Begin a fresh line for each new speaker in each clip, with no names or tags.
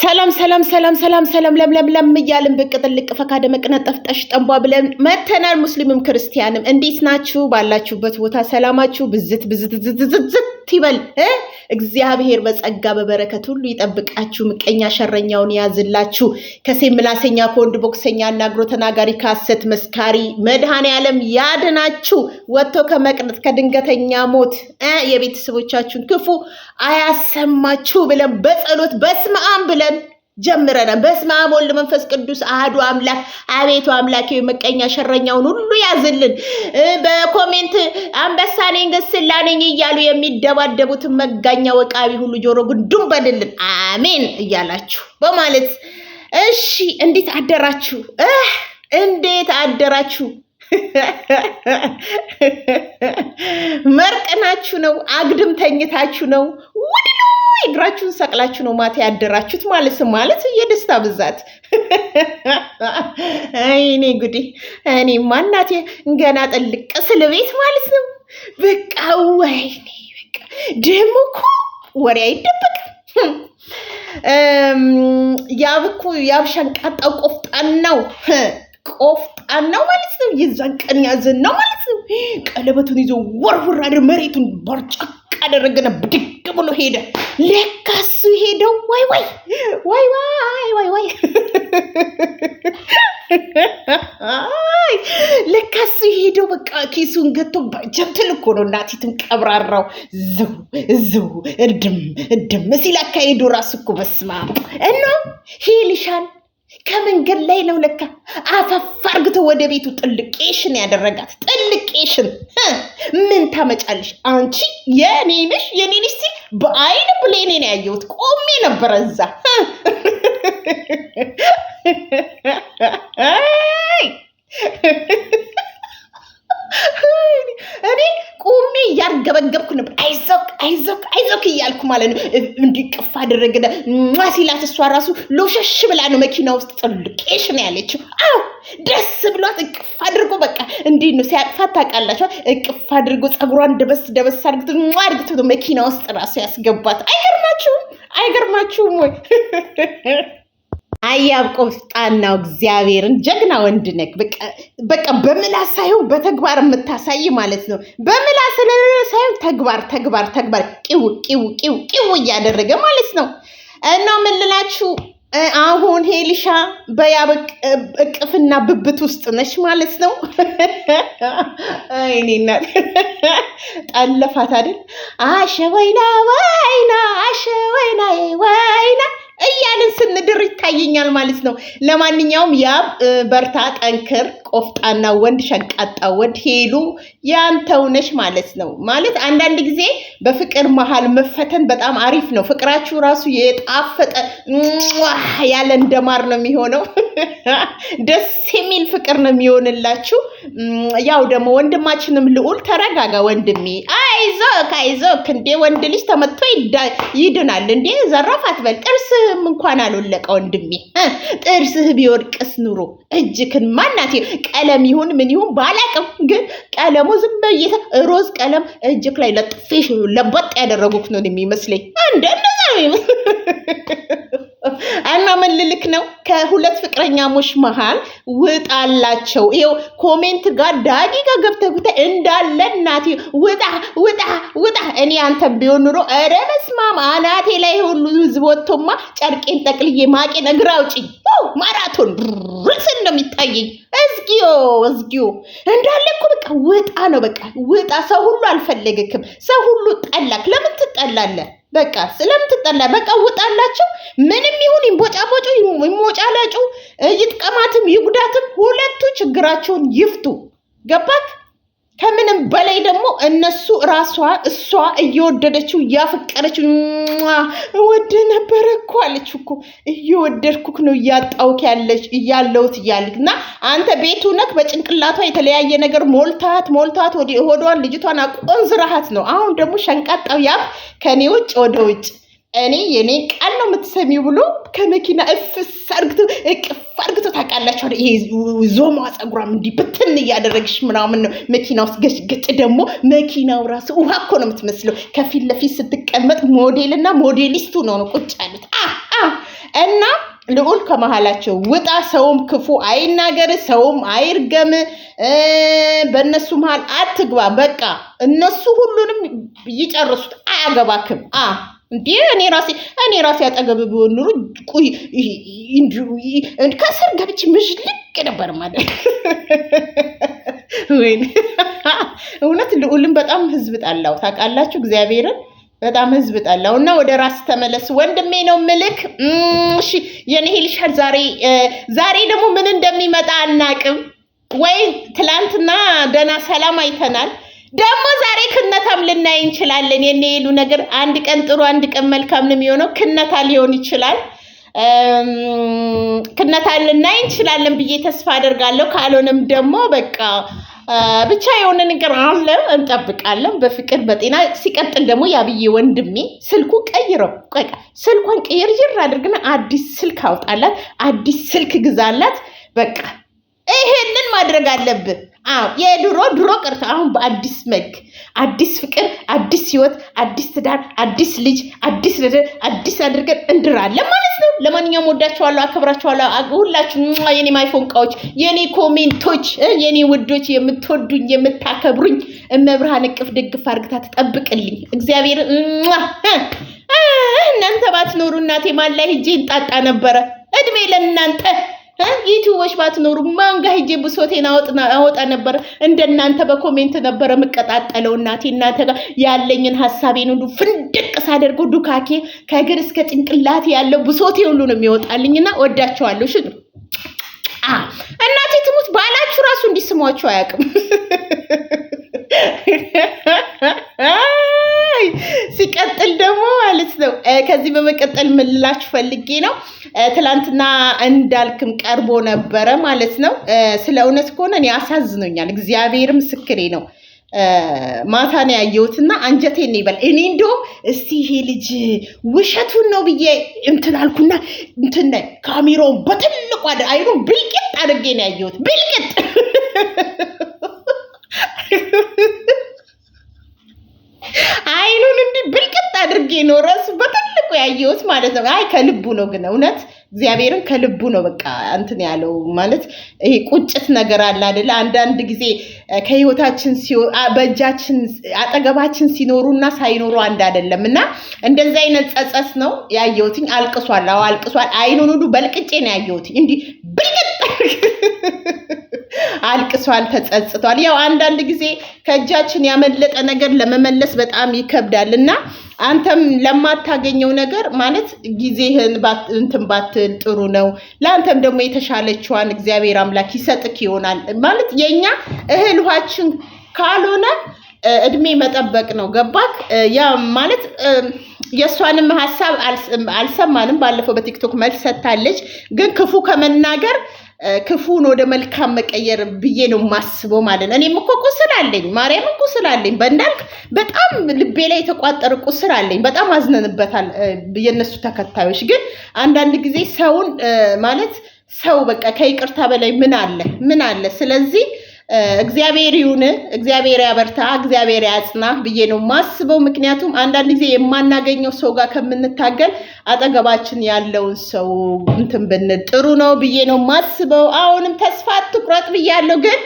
ሰላም ሰላም ሰላም ሰላም ሰላም ለምለም ለም እያልን ብቅ ጥልቅ ፈካ ደመቅነት ጠፍጠሽ ጠንቧ ብለን መተናል። ሙስሊምም ክርስቲያንም እንዴት ናችሁ? ባላችሁበት ቦታ ሰላማችሁ ብዝት ብዝት ይበል። እግዚአብሔር በጸጋ በበረከት ሁሉ ይጠብቃችሁ። ምቀኛ ሸረኛውን ያዝላችሁ። ከሴ ምላሰኛ ከወንድ ቦክሰኛ እና አግሮ ተናጋሪ ካሰት መስካሪ መድኃኔዓለም ያድናችሁ። ወጥቶ ከመቅነት ከድንገተኛ ሞት የቤተሰቦቻችሁን ክፉ አያሰማችሁ ብለን በጸሎት በስመ አብ ብለን ጀምረናል። በስመ አብ ወልድ መንፈስ ቅዱስ አህዱ አምላክ። አቤቱ አምላክ መቀኛ ሸረኛውን ሁሉ ያዝልን። በኮሜንት አንበሳኔን ገስላኔኝ እያሉ የሚደባደቡትን መጋኛ ወቃቢ ሁሉ ጆሮ ግንዱም በልልን አሜን እያላችሁ በማለት እሺ፣ እንዴት አደራችሁ? እንዴት አደራችሁ? መርቅናችሁ ነው? አግድም ተኝታችሁ ነው? ውድሉ ነው እግራችሁን ሰቅላችሁ ነው ማታ ያደራችሁት ማለት ማለት የደስታ ብዛት። እኔ ጉዴ! እኔ ማናቴ ገና ጠልቅ ስለ ቤት ማለት ነው። በቃ ወይኔ! በቃ ደግሞ እኮ ወሬ አይደበቅም። ያብ እኮ የአብሻን ቃጣው ቆፍጣን ነው ቆፍጣን ነው ማለት ነው። የዛን ቀን ያዘን ነው ማለት ነው። ቀለበቱን ይዞ ወርውር አድር መሬቱን በርጫ አደረገና ብድግ ብሎ ሄደ። ለካ እሱ ሄደው ወይ ወይ ወይ ወይ ወይ ወይ ለካ እሱ ሄደው በቃ ኪሱን ገቶ ጀምትል እኮ ነው። እናቲትም ቀብራራው ዝው ዝው እድም እድም ሲል አካሄዱ ራሱ እኮ በስማ እኖ ሄልሻል ከመንገድ ላይ ነው ለካ አፈፍ አርግቶ ወደ ቤቱ ጥልቄሽን ያደረጋት ጥልቅ ቂጤሽን ምን ታመጫለሽ አንቺ? የኔንሽ የኔንሽ ሲ በአይን ብሌኔ ነው ያየሁት። ቆሜ ነበረ እዛ እያንገበገብኩ ነበር። አይዞክ አይዞክ አይዞክ እያልኩ ማለት ነው። እንዲቅፍ አደረገ ሲላት እሷ ራሱ ሎሸሽ ብላ ነው መኪና ውስጥ ጥልቄሽ ነው ያለችው። አው ደስ ብሏት እቅፍ አድርጎ በቃ እንዲህ ነው ሲያቅፋት ታውቃላችኋል። እቅፍ አድርጎ ጸጉሯን ደበስ ደበስ አድርጎት አድርጎት መኪና ውስጥ ራሱ ያስገባት። አይገርማችሁም? አይገርማችሁም ወይ? አያብ ቆፍጣናው እግዚአብሔርን ጀግና ወንድ ነክ በቃ በምላስ ሳይሆን በተግባር የምታሳይ ማለት ነው። በምላስ ሳይሆን ተግባር ተግባር ተግባር ቂው ቂው ቂው ቂው እያደረገ ማለት ነው። እና ምን ልላችሁ አሁን ሄሊሻ በያብ እቅፍና ብብት ውስጥ ነሽ ማለት ነው። አይኔና ጠለፋት አይደል አሸ ወይና ወይና አሸ ወይና ወይና እያልን ስንድር ይታየኛል ማለት ነው። ለማንኛውም ያ በርታ፣ ጠንክር ቆፍጣና ወንድ፣ ሸንቃጣ ወንድ ሄሉ ያንተው ነሽ ማለት ነው። ማለት አንዳንድ ጊዜ በፍቅር መሀል መፈተን በጣም አሪፍ ነው። ፍቅራችሁ ራሱ የጣፈጠ ያለ እንደማር ነው የሚሆነው። ደስ የሚል ፍቅር ነው የሚሆንላችሁ። ያው ደግሞ ወንድማችንም ልዑል ተረጋጋ ወንድሜ፣ አይዞክ አይዞክ። እንዴ ወንድ ልጅ ተመቶ ይድናል እንዴ? ዘራፍ አትበል። ጥርስህም እንኳን አልወለቀ ወንድሜ። ጥርስህ ቢወድቅስ ኑሮ እጅክን ማናት ቀለም ይሁን ምን ይሁን ባላቅም፣ ግን ቀለሙ ዝም ብዬ ሮዝ ቀለም እጅክ ላይ ለጥፌሽ ለበጥ ያደረጉት ነው የሚመስለኝ። እንደ ነው የሚመስለኝ። እና ምን ልልክ ነው? ከሁለት ፍቅረኛሞች መሃል ውጣላቸው። ይኸው ኮሜንት ጋር ዳቂቃ ጋር እንዳለ እናቴ ውጣ ውጣ ውጣ። እኔ አንተን ቢሆን ኑሮ ኧረ በስመ አብ አናቴ ላይ ሁሉ ህዝብ ወጥቶማ ጨርቄን ጠቅልዬ ማቄን እግር አውጪኝ ማራቶን ርስ ነው የሚታየኝ። እዝጊዮ እዝጊዮ እንዳለ እኮ በቃ ውጣ ነው በቃ ውጣ። ሰው ሁሉ አልፈለገክም፣ ሰው ሁሉ ጠላክ። ለምን ትጠላለህ? በቃ ስለምትጠላ በቃ ውጣላቸው። ምንም ይሁን ይንቦጫቦጩ፣ ይሞጫለጩ፣ ይጥቀማትም ይጉዳትም ሁለቱ ችግራቸውን ይፍቱ። ገባክ? ከምንም በላይ ደግሞ እነሱ ራሷ እሷ እየወደደችው እያፈቀረችው ወደ ነበረ እኮ አለች እኮ እየወደድኩክ ነው እያጣውክ ያለች እያለውት እያልክ እና አንተ ቤቱ ነክ በጭንቅላቷ የተለያየ ነገር ሞልታት ሞልታት ወደ ሆዷን ልጅቷን አቆንዝረሃት ነው። አሁን ደግሞ ሸንቃጣው ያፍ ከኔ ውጭ ወደ ውጭ እኔ የኔ ቃል ነው የምትሰሚው ብሎ ከመኪና እፍስ አርግቶ እቅፍ አርግቶ ታውቃላችሁ። ይሄ ዞማ ፀጉሯም እንዲህ ብትን እያደረግሽ ምናምን ነው። መኪና ውስጥ ገጭገጭ ደግሞ መኪናው ራሱ ውሃ እኮ ነው የምትመስለው። ከፊት ለፊት ስትቀመጥ ሞዴል እና ሞዴሊስቱ ነው ቁጭ ያሉት እና ልዑል ከመሃላቸው ውጣ። ሰውም ክፉ አይናገር፣ ሰውም አይርገም፣ በእነሱ መሃል አትግባ። በቃ እነሱ ሁሉንም ይጨርሱት። አያገባክም። እንዴ እኔ ራሴ እኔ ራሴ አጠገብ ቢሆን ኑሮ ቁይ ከስር ገብች ምሽ ነበር ማለት ወይ። እውነት ልዑልን በጣም ህዝብ ጣላው ታውቃላችሁ። እግዚአብሔርን በጣም ህዝብ ጣላው እና ወደ ራስ ተመለስ ወንድሜ ነው ምልክ። እሺ የኔ ሄልሻል ዛሬ ዛሬ ደግሞ ምን እንደሚመጣ አናቅም። ወይ ትላንትና ደህና ሰላም አይተናል። ደግሞ ዛሬ ክነታም ልናይ እንችላለን። የኔ የሉ ነገር አንድ ቀን ጥሩ አንድ ቀን መልካም ነው የሚሆነው። ክነታ ሊሆን ይችላል። ክነታ ልናይ እንችላለን ብዬ ተስፋ አደርጋለሁ። ካልሆነም ደግሞ በቃ ብቻ የሆነ ነገር አለ እንጠብቃለን። በፍቅር በጤና ሲቀጥል ደግሞ ያብዬ ወንድሜ ስልኩ ቀይረው ስልኳን ቀይር ይር አድርግና አዲስ ስልክ አውጣላት፣ አዲስ ስልክ ግዛላት። በቃ ይሄንን ማድረግ አለብን። የድሮ ድሮ ቀርቶ አሁን በአዲስ መልክ አዲስ ፍቅር፣ አዲስ ህይወት፣ አዲስ ትዳር፣ አዲስ ልጅ፣ አዲስ ነገር አዲስ አድርገን እንድራለን ማለት ነው። ለማንኛውም ወዳችኋለሁ፣ አከብራችኋለሁ። ሁላችሁ የኔ ቃዎች፣ የኔ ኮሜንቶች፣ የኔ ውዶች፣ የምትወዱኝ የምታከብሩኝ፣ እመብርሃን እቅፍ ድግፍ አርግታ ትጠብቅልኝ እግዚአብሔር። እናንተ ባትኖሩ እናቴ ማን ሂጄ እንጣጣ ነበረ። እድሜ ለእናንተ። ዩቲዩቦች ባትኖሩ ማንጋ ሂጄ ብሶቴን አወጣ ነበር። እንደናንተ በኮሜንት ነበረ የምቀጣጠለው። እናቴ እናንተ ጋር ያለኝን ሀሳቤን ሁሉ ፍንድቅ ሳደርገው ዱካኬ ከእግር እስከ ጭንቅላት ያለው ብሶቴ ሁሉ ነው የሚወጣልኝና ወዳቸዋለሁ። ሽዱ እናቴ ትሙት ባላችሁ ራሱ እንዲስሟቸው አያውቅም። ከዚህ በመቀጠል ምንላችሁ ፈልጌ ነው ትላንትና እንዳልክም ቀርቦ ነበረ ማለት ነው። ስለ እውነት ከሆነ እኔ አሳዝኖኛል። እግዚአብሔር ምስክሬ ነው። ማታ ነው ያየሁትና አንጀቴ ነው ይበል። እኔ እንደውም እስቲ ይሄ ልጅ ውሸቱን ነው ብዬ እንትን አልኩና እንትን ካሜራውን በትልቁ አይኑን ብልቅጥ አድርጌ ነው ያየሁት። ብልቅጥ አይኑን እንዲህ ብልቅጥ አድርጌ ነው ረሱ በተ እኮ ያየሁት ማለት ነው። አይ ከልቡ ነው ግን እውነት እግዚአብሔርን ከልቡ ነው በቃ እንትን ያለው ማለት ይሄ ቁጭት ነገር አለ አይደለ? አንዳንድ ጊዜ ከህይወታችን በእጃችን አጠገባችን ሲኖሩ እና ሳይኖሩ አንድ አይደለም። እና እንደዚህ አይነት ጸጸት ነው ያየሁትኝ። አልቅሷል፣ አዎ አልቅሷል። አይኑን ሁሉ በልቅጬ ነው ያየሁትኝ እንዲህ ብልቅጥ አልቅሷል፣ ተጸጽቷል። ያው አንዳንድ ጊዜ ከእጃችን ያመለጠ ነገር ለመመለስ በጣም ይከብዳል እና አንተም ለማታገኘው ነገር ማለት ጊዜህን እንትን ባትል ጥሩ ነው። ለአንተም ደግሞ የተሻለችዋን እግዚአብሔር አምላክ ይሰጥክ ይሆናል። ማለት የእኛ እህል ውሃችን ካልሆነ እድሜ መጠበቅ ነው። ገባክ? ያ ማለት የእሷንም ሀሳብ አልሰማንም። ባለፈው በቲክቶክ መልስ ሰጥታለች። ግን ክፉ ከመናገር ክፉን ወደ መልካም መቀየር ብዬ ነው የማስበው ማለት ነው። እኔም እኮ ቁስል አለኝ፣ ማርያም ቁስል አለኝ። በእንዳልክ በጣም ልቤ ላይ የተቋጠረ ቁስል አለኝ። በጣም አዝነንበታል። የእነሱ ተከታዮች ግን አንዳንድ ጊዜ ሰውን ማለት ሰው በቃ ከይቅርታ በላይ ምን አለ ምን አለ? ስለዚህ እግዚአብሔር ይሁን፣ እግዚአብሔር ያበርታ፣ እግዚአብሔር ያጽና ብዬ ነው ማስበው። ምክንያቱም አንዳንድ ጊዜ የማናገኘው ሰው ጋር ከምንታገል አጠገባችን ያለውን ሰው እንትን ብንል ጥሩ ነው ብዬ ነው ማስበው። አሁንም ተስፋ አትቁረጥ ብያለሁ፣ ግን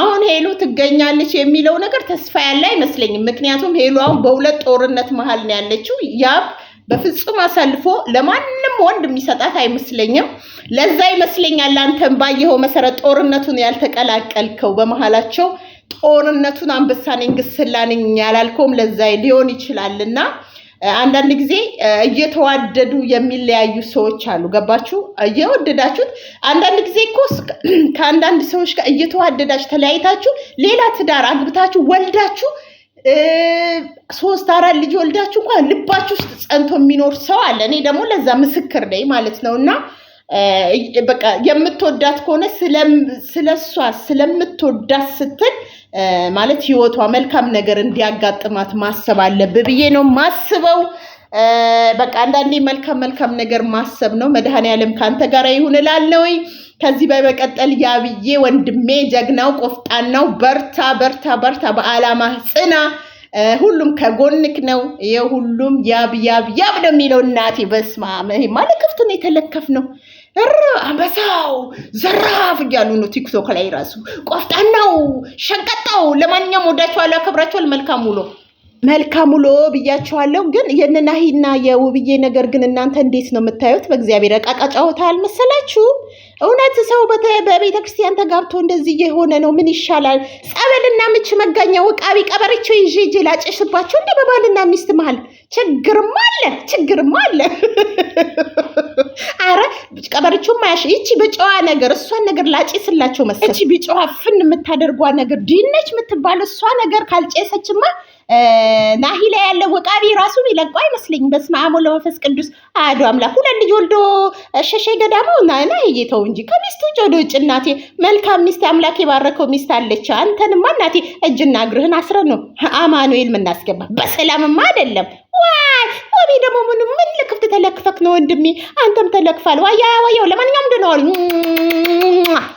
አሁን ሄሉ ትገኛለች የሚለው ነገር ተስፋ ያለ አይመስለኝም። ምክንያቱም ሄሉ አሁን በሁለት ጦርነት መሀል ነው ያለችው ያብ በፍጹም አሳልፎ ለማንም ወንድ የሚሰጣት አይመስለኝም። ለዛ ይመስለኛል አንተን ባየኸው መሰረት ጦርነቱን ያልተቀላቀልከው በመሀላቸው ጦርነቱን አንበሳ ነኝ ግስላ ነኝ ያላልከውም ለዛ ሊሆን ይችላልና አንዳንድ ጊዜ እየተዋደዱ የሚለያዩ ሰዎች አሉ። ገባችሁ? እየወደዳችሁት አንዳንድ ጊዜ እኮ ከአንዳንድ ሰዎች ጋር እየተዋደዳችሁ ተለያይታችሁ ሌላ ትዳር አግብታችሁ ወልዳችሁ ሶስት አራት ልጅ ወልዳችሁ እንኳን ልባችሁ ውስጥ ጸንቶ የሚኖር ሰው አለ። እኔ ደግሞ ለዛ ምስክር ነኝ ማለት ነው። እና በቃ የምትወዳት ከሆነ ስለሷ ስለምትወዳት ስትል ማለት ህይወቷ መልካም ነገር እንዲያጋጥማት ማሰብ አለብህ ብዬ ነው ማስበው። በቃ አንዳንዴ መልካም መልካም ነገር ማሰብ ነው። መድኃኔዓለም ከአንተ ጋር ይሁን እላለሁኝ። ከዚህ በመቀጠል ያብዬ ወንድሜ ጀግናው ቆፍጣናው በርታ በርታ በርታ፣ በአላማ ጽና፣ ሁሉም ከጎንክ ነው። የሁሉም ያብ ያብ ያብ ነው የሚለው እናቴ። በስማ ማለት ክፍት ነው የተለከፍ ነው አንበሳው ዘራፍ እያሉ ነው ቲክቶክ ላይ ራሱ ቆፍጣናው ሸንቀጣው። ለማንኛውም ወዳችኋለሁ፣ አከብራችኋል። መልካም ውሎ መልካም ውሎ ብያችኋለሁ። ግን የነናሂና የውብዬ ነገር ግን እናንተ እንዴት ነው የምታዩት? በእግዚአብሔር እቃቃ ጫወታ አልመሰላችሁም? እውነት ሰው በቤተ ክርስቲያን ተጋብቶ እንደዚህ የሆነ ነው። ምን ይሻላል? ጸበልና ምች መጋኛው ዕቃቢ ቀበሪቸው ይዤ እጄ ላጨሽባቸው እንደ በባልና ሚስት መሀል ችግርም አለ፣ ችግርም አለ። አረ ቀበሪቸው ማያሽ ይቺ በጨዋ ነገር እሷን ነገር ላጨስላቸው መሰለኝ። እቺ በጨዋ ፍን የምታደርጓ ነገር ድነች የምትባል እሷ ነገር ካልጨሰችማ ናሂላ ያለው ወቃቢ ራሱ ይለቀው አይመስለኝም። በስመ አብ ወመንፈስ ቅዱስ አሐዱ አምላክ። ሁለት ልጅ ወልዶ ሸሸ ገዳማው እና ናሂዬ ተው እንጂ ከሚስቱ ወደ ውጭ እናቴ፣ መልካም ሚስት አምላክ የባረከው ሚስት አለች። አንተንማ እናቴ እጅና እግርህን አስረን ነው አማኑኤል ምናስገባ። በሰላምማ አይደለም ዋይ ወቢ ደግሞ ምን ምን ልክፍት ተለክፈክ ነው ወንድሜ፣ አንተም ተለክፋል። ዋያ ዋየው ለማንኛውም ደነዋሉ